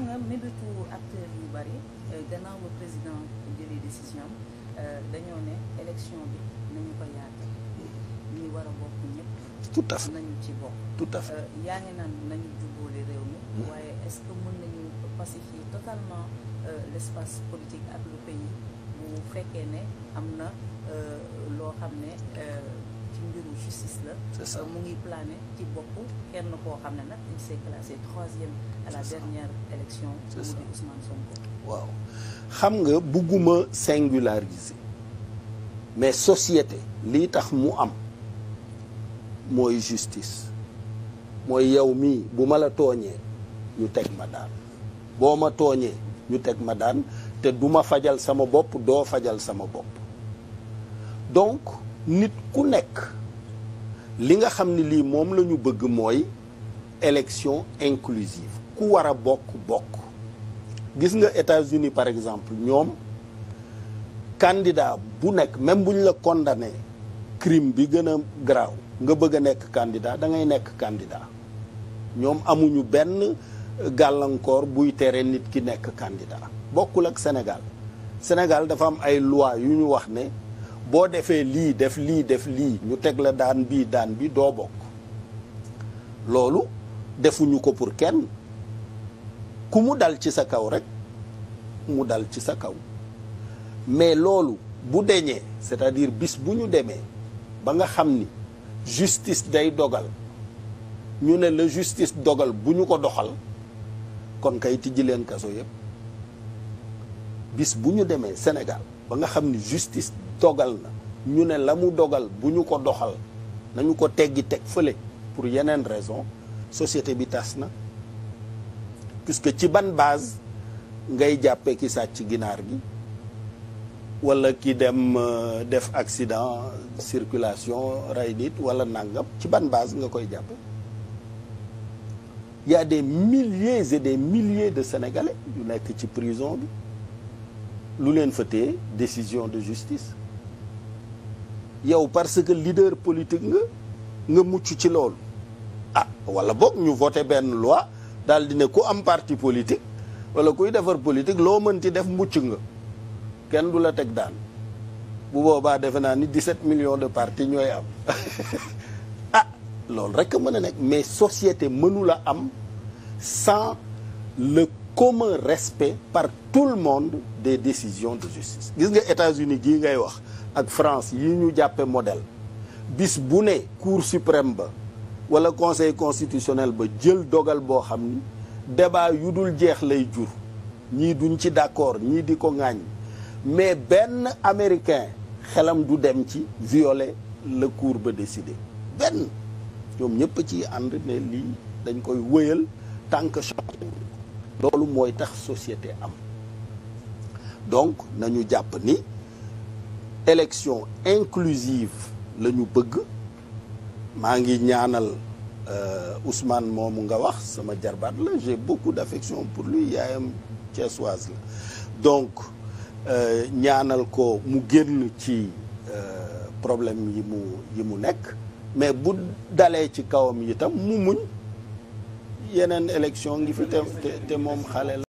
xam nga mébétu acteur yu bari euh, gannaaw ba président jëlee décision am euh, dañoo ne élection bi nañu ko yaatal ñi war a mbokk ñëpp. tout à nañu ci bokk. tout à euh, yaa ngi naan nañu jubboole réew mi. Mm. waaye est-ce que mën nañu pacifier totalement l'espace politique ak le pays bu fekkee ne am na. Euh, mu ngi plané ci bopp kenn koo xam ne nag il s'est classé troisième nga bugguma singulariser mais société lii tax mu am mooy justice mooy yow mii bu ma la tooñee ñu teg ma daan boo ma tooñee ñu teg ma daan te du ma fajal sama bopp doo fajal sama bopp donc nit ku nekk li nga xam ne lii moom la ñu bëgg mooy élection inclusive ku war a bokk bokk gis nga États-Unis par exemple ñoom candidat bu nekk même buñ la condamné crime bi gën a graw nga bëgg a nekk candidat da ngay nekk candidat ñoom amuñu benn gàllankoor buy tere nit ki nekk candidat bokkul ak Sénégal Sénégal dafa am ay loi yu ñu wax ne boo defee lii def lii def lii ñu teg la daan bii daan bi doo bokk loolu defuñu ko pour kenn ku mu dal ci sa kaw rek mu dal ci sa kaw mais loolu bu deñee c'est-à-dire bis bu ñu demee ba nga xam ni justice day dogal ñu ne la justice dogal bu ñu ko doxal kon kay tijji leen kaso yépp bis bu ñu demee Sénégal ba nga xam ni justice dogal na ñu ne la mu dogal bu ñu ko doxal nañu ko teggi teg fële pour yeneen raison société bi tas na puisque ci ban base ngay jàppee ki sàcc ginaar bi wala ki dem euh, def accident circulation rey nit wala nangam ci ban base nga koy jàppe y des milliers et des milliers de sénégalais yu nekk ci prison bi lu leen fa téye décision de justice yow parce que leader politique nga nga mucc ci loolu ah wala boog ñu voté benn loi daal di ne ku am parti politique wala kuy defar politique loo mënti def mucc nga kenn du la teg daan bu boobaa defe naa ni 17 millions de partis ñooy am ah loolu rek mën a nekk mais société mënula am sans le commun respect par tout le monde des décisions de justice gis nga États-Unis gii ngay wax ak France yi ñu jàppee modèle bis bu ne cour suprême ba wala conseil constitutionnel ba jël dogal boo xam ni débat yu dul jeex lay jur ñii duñ ci d'accord ñii di ko ŋaañ mais benn américain xelam du dem ci violer la cour ba décidé benn ñoom ñëpp ci ànd ne lii dañ koy wëyal tant que loolu mooy tax société am donc nañu jàpp ni élection inclusive la ñu bëgg maa ngi ñaanal euh, Ousmane moomu nga wax sama jarbaat la j'ai beaucoup d'affection pour lui yaayam Thiessoise la donc euh, ñaanal ko mu génn ci euh, problème yi mu yi mu nekk mais bu dalee ci kawam itam mu muñ yeneen élection ngi fi te te moom xale la